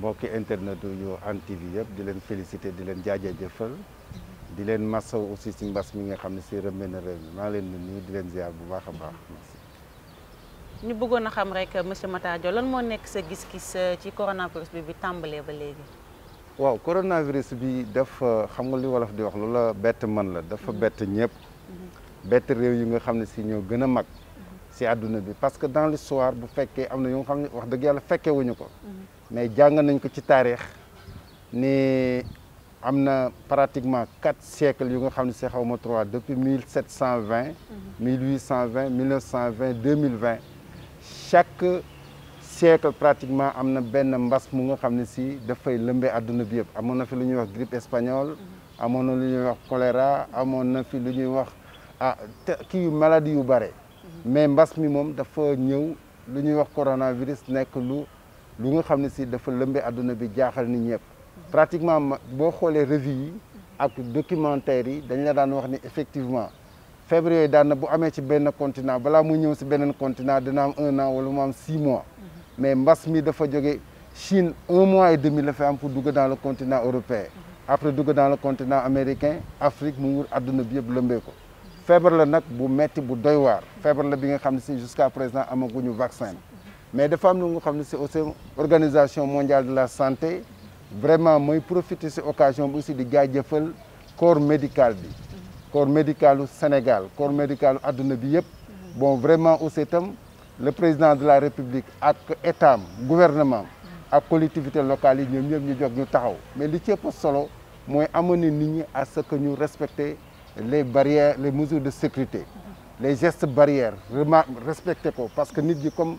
mbokki internet yu Hann TV yëpp di len féliciter di len leen jaajëfal di len massa aussi ci mbass mi nga xamni ci remene rew ma len ni maa di len ziar bu baax baax ñu bëggona xam rek monsieur Matar Dia lan mo nekk sa gis-gis euh, ci coronavirus bi bi tambalé ba légui waaw coronavirus bi dafa xam nga li wolof di wax loola bét man la dafa bét ñëpp bét rew yi nga xamni ci ñoo gëna mag ci aduna bi parce que dans l'histoire bu fekkee amna na yu nga xam wax dëgg yalla fekkee wuñu ko mais jang nañ ko ci taarix ni amna pratiquement quatre siècles yu nga xam ne xawma 3 depuis 1720, 1820, 1920, 2020, chaque siècle pratiquement amna ben mbass mu nga xam si si fay lëmbee aduna bi yëpp amona fi luñuy wax grippe espagnole mhm. amona luñuy wax choléra amona fi luñuy wax ah kii maladie yu bare mhm. mais mbass mi mom da fa lu luñuy wax coronavirus nek lu lu nga c'est dafa pratiquement si vous revue les documentaire effectivement février février, continent balaa muy continent vous un an ou six mois mhm. mais mars, Chine un mois et demi pour dans le continent européen mhm. après dans le continent américain L'Afrique a wër le bi yëpp février, ko feebar la jusqu'à présent, vaccin mais de femmes nous aussi organisation mondiale de la santé vraiment profite de cette occasion aussi aussi di corps médical Le corps médical au Sénégal corps médical à bi bon vraiment au CETAM, le président de la république l'État, le gouvernement la collectivité locale nous sommes mieux ñu nous. mais li ci poste solo amener nit à ce que nous respecter les barrières les mesures de sécurité les gestes barrières Respectez-les, parce que nous comme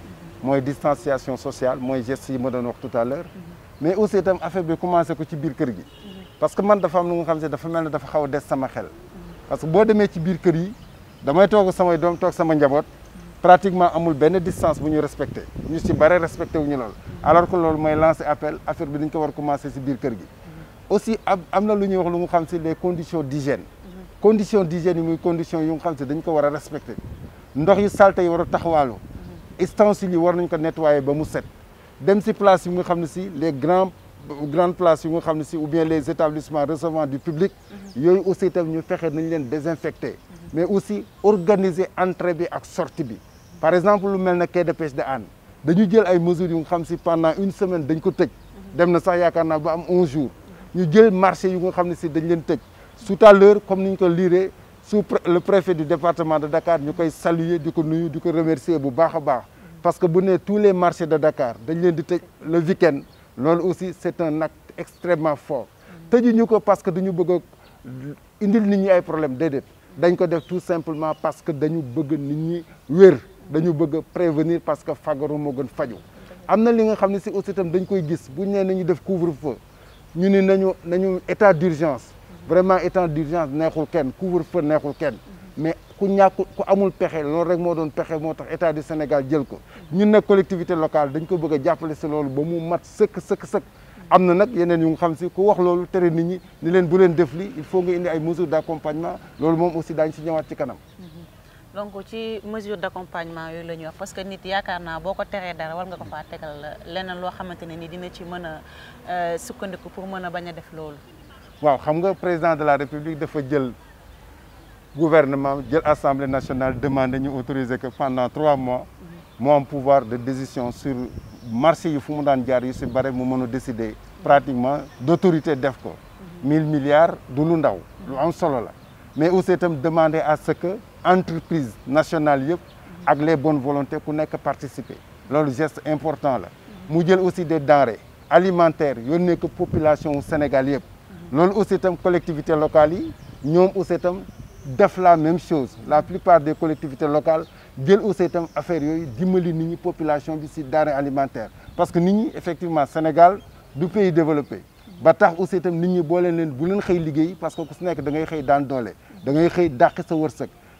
mooy distanciation sociale mooy gestes yi ma wax tout à l'heure mais aussi tam affaire bi commencé ko ci biir kër gi parce que man dafa am lu nga xam ne dafa melni dafa xaw dess sama xel parce que bo démé ci biir kër yi damay toog samay dom toog sama njabot pratiquement amul benn distance bu ñu respecté ñu ci bare respecté wu ñu alors que loolu moy lancer appel affaire bi dañ ko war commencé ci biir kër gi aussi am am na lu ñuy wax lu nga xam ci les conditions d'hygiène conditions d'hygiène yi muy conditions yu nga xam ci dañ ko war a respecté ndox yu salté yi war a taxawaalu ustensiles yi war nañ ko nettoyer ba mu set dem ci place yi nga xamni ci les grands grandes places yi nga xamni ci ou bien les établissements recevant du public mhm. yoy aussi itam ñu fexé nañ leen désinfecter mhm. mais aussi organiser entrée bi ak sortie bi par exemple lu melne na quai de pêche de anne dañu jël ay mesures yi nga xam ci pendant une semaine dañ ko tëj mhm. dem na sax yaakaar naa ba am 11 jours ñu jël marché yi nga xam ne si dañ leen tëj tout à l'heure comme ni ñu ko liiree sous le préfet du département de Dakar nous a salué, nous nuyu beaucoup. remercier parce que tous les marchés de Dakar le week-end c'est aussi c'est un acte extrêmement fort Nous avons parce que nous bëgg a indil nit ñi ay problème déedéet dañ ko tout simplement parce que nous avons nit ñi Nous dañu prévenir parce que fagaru moo gën faju am na li nga xam ce aussi itam dañ koy gis bu ñu couvre-feu ñu ni nañu état d'urgence vraiment état d'urgence neexul kenn couvre-feu neexul kenn mais ku ñàkk ku amul pexe loolu rek moo doon pexe moo état du Sénégal jël ko ñun nag collectivité locale dañ ko bëgg a jàppale si loolu ba mu mat sëkk sëkk sëkk am na nag yeneen yu nga xam si ku wax loolu tere nit ñi ni leen bu leen def li il faut nga indi ay mesures d'accompagnement loolu moom aussi daañu si ñëwaat ci kanam mm-hmm. donc ci mesure d'accompagnement yooyu la ñuy wax parce que nit yaakaar naa boo ko teree dara war nga ko faa tegal leneen loo xamante ni dina ci mën a euh, sukkandiku pour mën a bañ a def loolu waaw président de la république dafa gouvernement l'Assemblée assemblée nationale de nous autoriser que pendant trois mois moi pouvoir de décision sur marché yi fu daan pratiquement d'autorité d'EFCO. 1000 milliards du mais aussi avons demandé à ce que entreprise nationale yëpp les bonnes volontés ku nekk participer un geste important Nous avons aussi des denrées alimentaires que population sénégalaise. Nous aussi collectivités locales nous aussi la même chose la plupart des collectivités locales ont aussi nous affaire population bi ci alimentaire parce que nous ñi effectivement Sénégal du pays développé ba tax aussi nous nit parce que nous sommes nekk da ngay Nous daan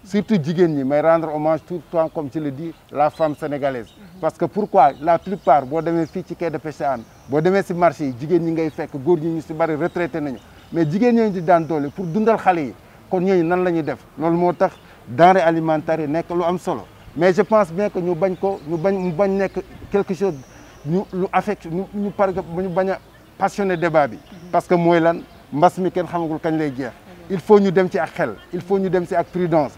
surtout jigéen ñi mais rendre hommage tout le temps comme tu le dis la femme sénégalaise parce que pourquoi la plupart boo demee fii ci quai de pêche an boo demee si marché yi jigéen ñi ngay fekk góor ñi ñu si bari retraité nañu mais jigéen ñooñu di daan doole pour dundal xale yi kon ñooñu nan la ñuy def loolu moo tax alimentaire yi lu am solo mais je pense bien que ñu bañ ko ñu bañ mu bañ quelque chose ñu lu affecte ñu par exemple ñu passionné débat bi parce que mooy lan mbas mi kenn xamagul kañ lay jeex il faut ñu dem ci ak xel il faut ñu dem si ak prudence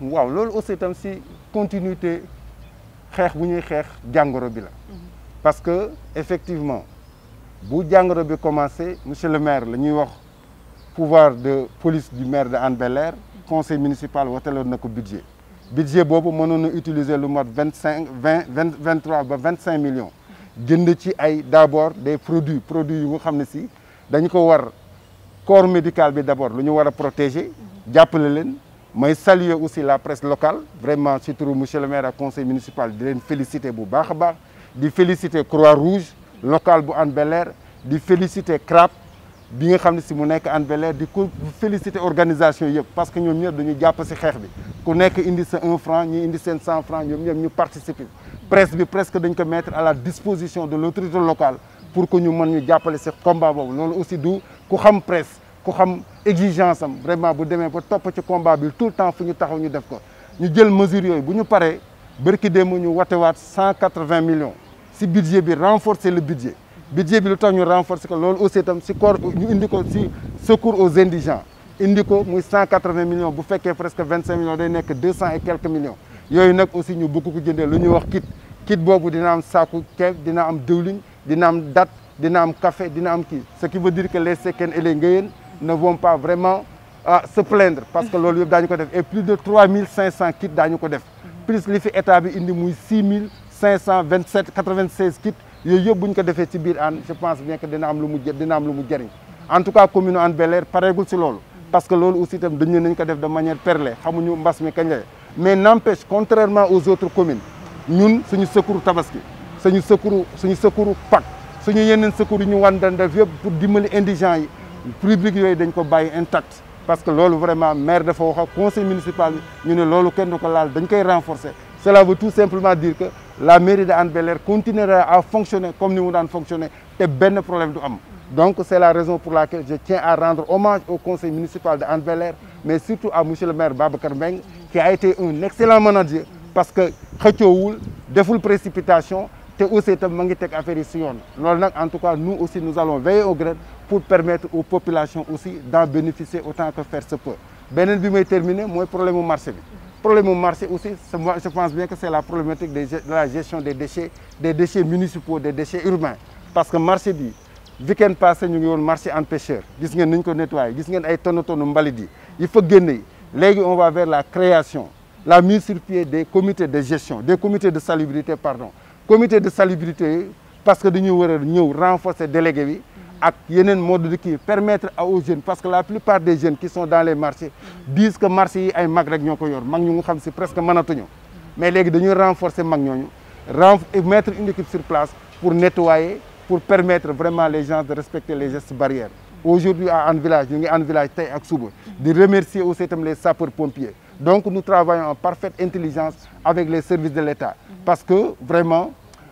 waaw loolu aussi si continuité xex buñuy xex jangoro bi la. Mm-hmm. parce que effectivement bu jangoro bi commencé monsieur le maire la ñuy wax pouvoir de police du maire de Anbelair Bel-Air conseil municipal woteloon na ko budget. budget boobu mënon na utiliser lu mot 25 20 vingt vingt ba 25 millions. gënd ci ay d'abord des produits produits yu nga xamné ne si ko war corps médical bi d'abord lu ñu wara protéger. Mm-hmm. jappalé len je salue aussi la presse locale vraiment ci turu monsieur le maire à conseil municipal di leen féliciter bu Je félicite croix rouge locale bu Anne Bel-Air di féliciter CRAP bi nga xam ne mu nekk Hann Bel-Air di féliciter organisation parce que ñoom ñëpp dañu de si xeex bi ku 1 indi sa un franc ñu indi seen cent francs, ñoom ñëpp ñu participer presse bi presque dañ ko mettre à la disposition de l'autorité locale pour que ñu mën ñu jàppale si combat C'est loolu aussi du ku xam presse ku xam exigence am vraiment bu demee ba top ci combat bi tout le temps fuñu taxaw ñu def ko ñu jël mesure yoy buñu paré barki bërki ñu waté wat 180 millions si budget bi renforcer le budget budget bi lu tax ñu renforcer ko lool aussi tam ci corps ñu indi ko si secours aux indigents indi ko muy 180 millions bu féké presque 25 millions day nekk 200 et quelques millions yoy nak aussi ñu bëgg ko jëndee lu ñu wax kit kit bobu dina am saku ceeb dina am diwlin dina am date dina am café dina am kii ce qui veut dire que les sekene et les Ngéyeen ne vont pas vraiment euh, se plaindre parce que le yëpp daañu ko def et plus de 3500 kits daañu ko def plus li fi état bi indi 6527 96 kits je pense bien que dina am lu mu jë dina am lu en tout cas commune en Bel-Air pareegul si loolu. parce que loolu aussi itam dañu nañ ko de manière perlée xamuñu mbas mi kañ mais n'empêche contrairement aux autres communes ñun suñu secours tabaski suñu secours suñu secours Pâques suñu yeneen secours yi ñu wan daan def pour dimbali indigents yi. Le public dañ ko intact parce que le vraiment maire de wax le conseil municipal il ñu né renforcer cela veut tout simplement dire que la mairie de Hann continuera à fonctionner comme nous avons fonctionné fonctionner et benn problème de am donc c'est la raison pour laquelle je tiens à rendre hommage au conseil municipal de Belair, mais surtout à monsieur le maire Babacar Meng qui a été un excellent manager parce que xëccoowul deful précipitation te aussi précipitations mangi tek affaire yi en tout cas nous aussi nous allons veiller au grève pour permettre aux populations aussi d'en bénéficier autant que faire se peut Le bi may terminer problème au marché Le problème au marché aussi je pense bien que c'est la problématique de la gestion des déchets des déchets municipaux des déchets urbains parce que marché le week-end passé nous avons un marché en pêcheur Vous ngeen nous nous ko nettoyé gis ngeen ay tonne tonne mbalit yi on va vers la création la mise sur pied des comités de gestion des comités de salubrité pardon comité de salubrité parce que nous renforçons renforcé les renforcer et mode de permettre aux jeunes parce que la plupart des jeunes qui sont dans les marchés disent que marché est un mag rek ñoo sont yor mag presque mais les dañuy renforcer les ñooñu mettre une équipe sur place pour nettoyer pour permettre vraiment les gens de respecter les gestes barrières aujourd'hui à un Village nous à Village remercier aussi les sapeurs-pompiers donc nous travaillons en parfaite intelligence avec les services de l'État parce que vraiment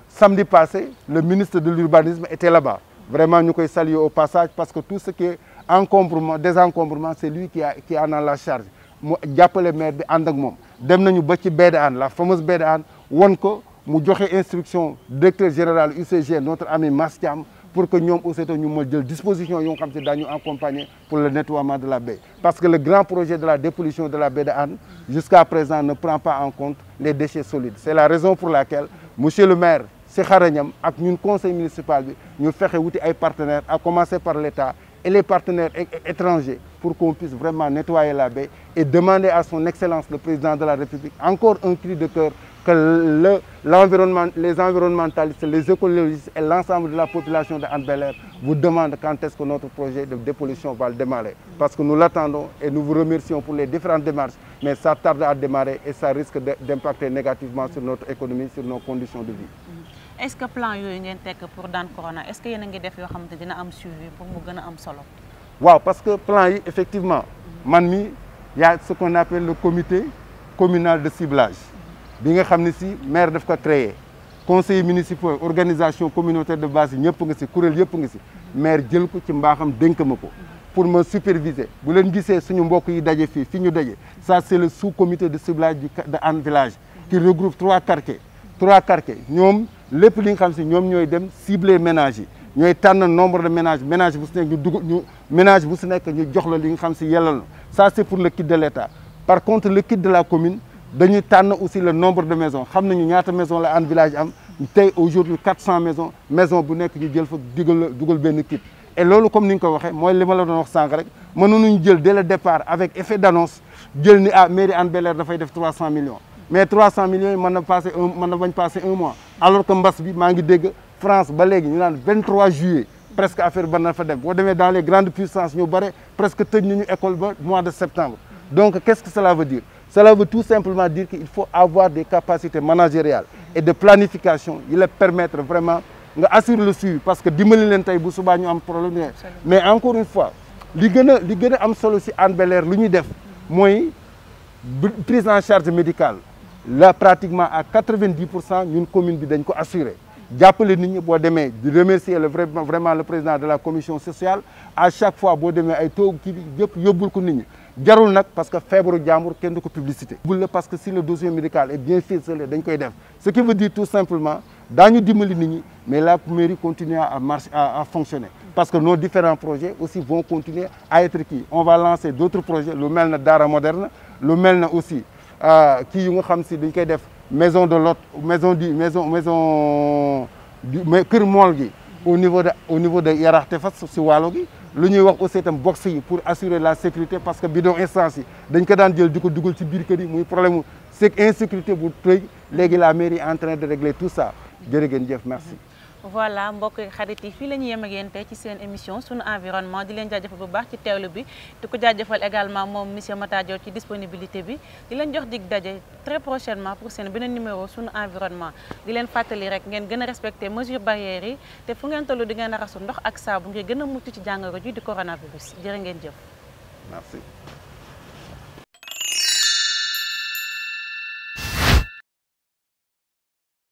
samedi passé le ministre de l'urbanisme était là-bas Vraiment, nous saluons au passage parce que tout ce qui est encombrement, désencombrement, c'est lui qui, a, en a la charge. a appelé le maire de tant nous avons Nous la fameuse baie d'Anne, mu l'instruction instruction directeur général UCG notre ami Mastiam pour que nous aussitôt ñu disposition de xam accompagner pour le nettoyage de la baie parce que le grand projet de la dépollution de la baie de jusqu'à présent ne prend pas en compte les déchets solides c'est la raison pour laquelle monsieur le maire c'est carrément avec ñun conseil municipal nous ñu fexe à partenaires à commencer par l'État et les partenaires étrangers pour qu'on puisse vraiment nettoyer la baie et demander à son excellence le président de la République encore un cri de cœur que l'environnement, les environnementalistes, les écologistes et l'ensemble de la population de anne vous demandent quand est-ce que notre projet de dépollution va le démarrer. Parce que nous l'attendons et nous vous remercions pour les différentes démarches, mais ça tarde à démarrer et ça risque d'impacter négativement sur notre économie, sur nos conditions de vie est-ce que plan yoy ngeen tek pour Dan corona est-ce que y a ngi def qui xamante dina am suivi pour mu gëna am solo. waaw parce que plan yi effectivement man mi y a ce qu'on appelle le comité communal de ciblage bi nga a le si maire daf ko créer conseillers municipal organisation communautaire de base ñëpp nga ci maire jël ko ci mbaxam pour me superviser bu len gissé suñu mbokk yi dajé fi fiñu dajé ça c'est le sous comité de ciblage de Village qui regroupe trois quartiers trois quartiers les li nga xam si ñoom ñooy dem cibler ménage yi ñooy le nombre de ménage ménage bu savez nekk ñu dugg ñu ménage bu si nekk ñu jox la li nga xam ça c'est pour le kit de l'État par contre le kit de la commune dañuy tànn aussi le nombre de maisons xam nañu ñaata maison là Hann Village am tey aujourd'hui 400 maisons maison bu nekk ñu jël fa dugal dugal ben kit et là comme ni nga ko waxee mooy li ma la doon wax sànq rek jël dès le départ avec effet d'annonce jël ni ah mairie Hann Belair air dafay def 300 millions mais 300 millions ils m'ont passé un passé un mois alors que mbas bi maa France ba 23 juillet presque affaire de le fa dans les grandes puissances ñu avons presque tenu nañu école au mois de septembre donc qu'est-ce que cela veut dire cela veut tout simplement dire qu'il faut avoir des capacités managériales et de planification il permettent permettre vraiment d'assurer le suivi parce que diminuer les tey bu subaa problème mais encore une fois ce qui est li gën am Bel-Air prise en charge médicale là pratiquement à 90 pour commune bi dañ ko assuré jàppale nit ñi boo demee remercier le vraiment vraiment le président de la commission sociale à chaque fois boo demain. ay toog qui bi yëpp yóbbul ko nit ñi jarul parce que feebaru d'amour kenn du ko publicité. Boule parce que si le dossier médical est bien ficelé dañ koy def ce qui veut dire tout simplement daañu dimbali nit ñi mais la mairie continue à marcher à fonctionner. parce que nos différents projets aussi vont continuer à être qui on va lancer d'autres projets Le Melna Dara moderne le Melna aussi. Qui yu nga xam si dañ koy def maison de l'hôte maison du maison maison du kër mool au niveau de au niveau de Yarax Tefas si waalo gi lu wax aussi itam box yi pour assurer la sécurité parce que bidon instance yi dañ ko daan jël di ko ci biir yi problème c'est insécurité bu tëy léegi la mairie est en train de régler tout ça jërë jëf merci voilà mbokk xarit yi fii la ñu yem ak yéen ci seen émission sunu environnement di leen jaajëfal bu baax ci teewlu bi di ko jaajëfal également moom monsieur Matar Dior ci disponibilité bi di leen jox dig daje très prochainement pour seen beneen numéro sunu environnement di leen fàttali rek ngeen gën a respecté mesures barrières yi te fu ngeen tollu di ngeen a raxasu ndox ak saabu ngir gën a mucc ci di coronavirus jërë jëf merci